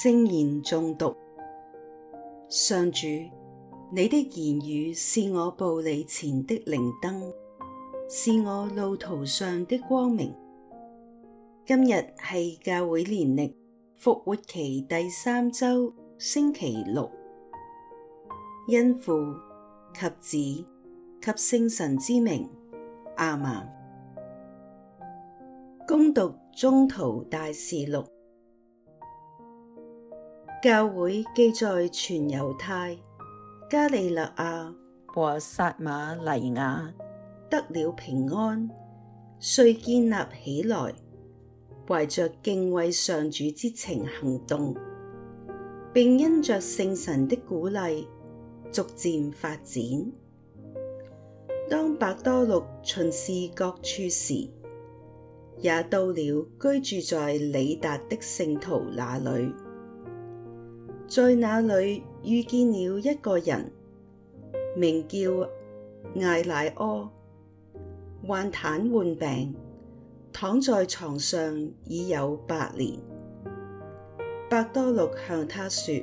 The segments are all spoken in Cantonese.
聖言誦讀，上主，你的言語是我步履前的靈燈，是我路途上的光明。今日係教會年曆復活期第三周星期六，因父及子及聖神之名，阿門，恭讀宗徒大事錄。教會既在全猶太、加里肋亞和撒瑪黎雅得了平安，遂建立起來，懷着敬畏上主之情行動，並因着聖神的鼓勵，逐漸發展。當伯多祿巡視各處時，也到了居住在里達的聖徒那裏。在那裏遇見了一個人，名叫艾乃阿，患癱瘓病，躺在床上已有八年。伯多祿向他說：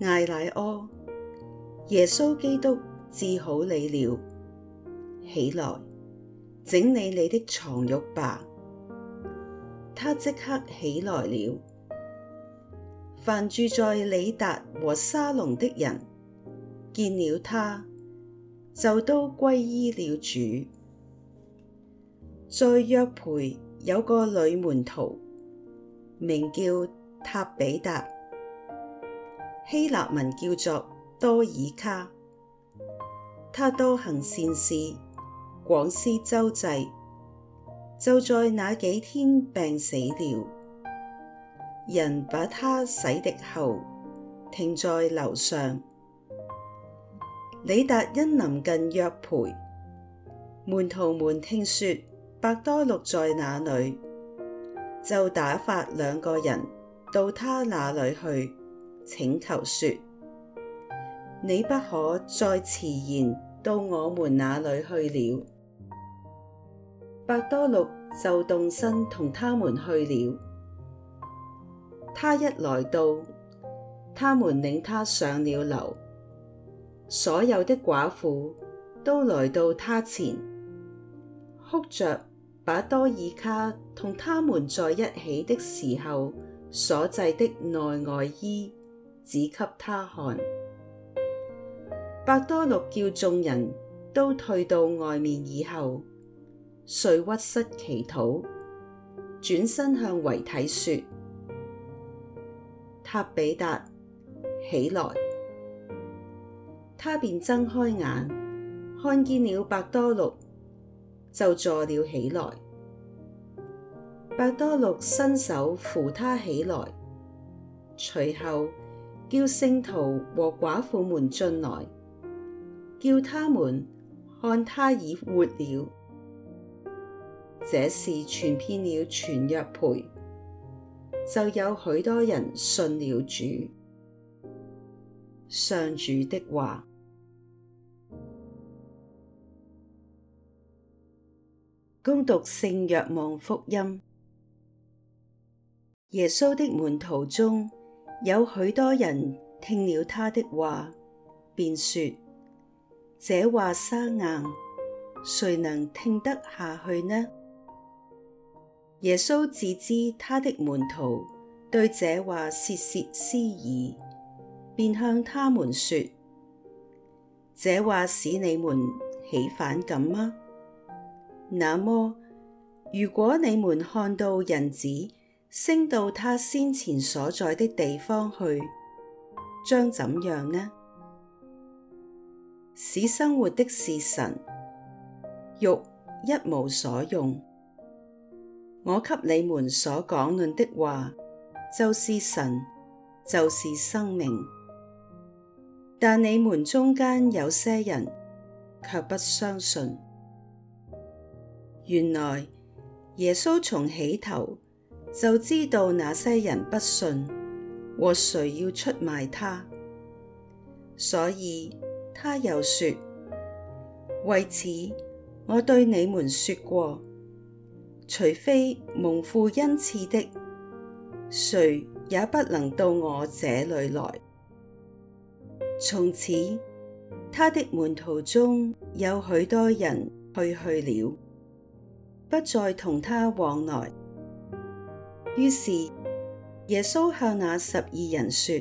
艾乃阿，耶穌基督治好你了，起來，整理你的床褥吧。他即刻起來了。凡住在里達和沙龍的人，見了他，就都歸依了主。在約培有個女門徒，名叫塔比達，希臘文叫做多爾卡，她多行善事，廣施周濟，就在那幾天病死了。人把她洗滌後，停在樓上。里達因臨近約培，門徒們聽說伯多祿在那裏，就打發兩個人到他那裏去，請求說：你不可再遲延到我們那裏去了。伯多祿就動身同他們去了。他一來到，他們領他上了樓，所有的寡婦都來到他前，哭着把多爾卡同他們在一起的時候所製的內外衣，指給他看。伯多禄叫眾人都退到外面以後，遂屈膝祈禱，轉身向遺體說塔彼達起來，他便睜開眼，看見了伯多祿，就坐了起來。伯多祿伸手扶他起來，隨後叫聖徒和寡婦們進來，叫他們看他已活了。這事傳遍了全約培。就有許多人信了主，上主的話。恭讀聖若望福音，耶穌的門徒中有許多人聽了他的話，便說：這話生硬，誰能聽得下去呢？耶穌自知他的門徒對這話竊竊私議，便向他們說：這話使你們起反感嗎？那麼，如果你們看到人子升到他先前所在的地方去，將怎樣呢？使生活的是神，肉一無所用。我給你們所講論的話，就是神，就是生命。但你們中間有些人卻不相信。原來耶穌從起頭就知道那些人不信，和誰要出賣他，所以他又說：為此我對你們說過。除非蒙父恩賜的，誰也不能到我這裏來。從此，他的門徒中有許多人退去了，不再同他往來。於是，耶穌向那十二人說：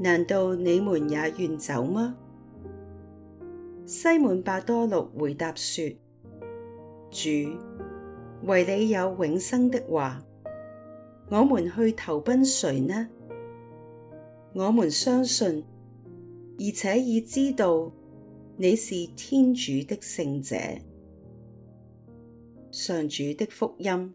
難道你們也願走嗎？西滿伯多祿回答說：主。惟你有永生的話，我們去投奔誰呢？我們相信，而且已知道你是天主的聖者，上主的福音。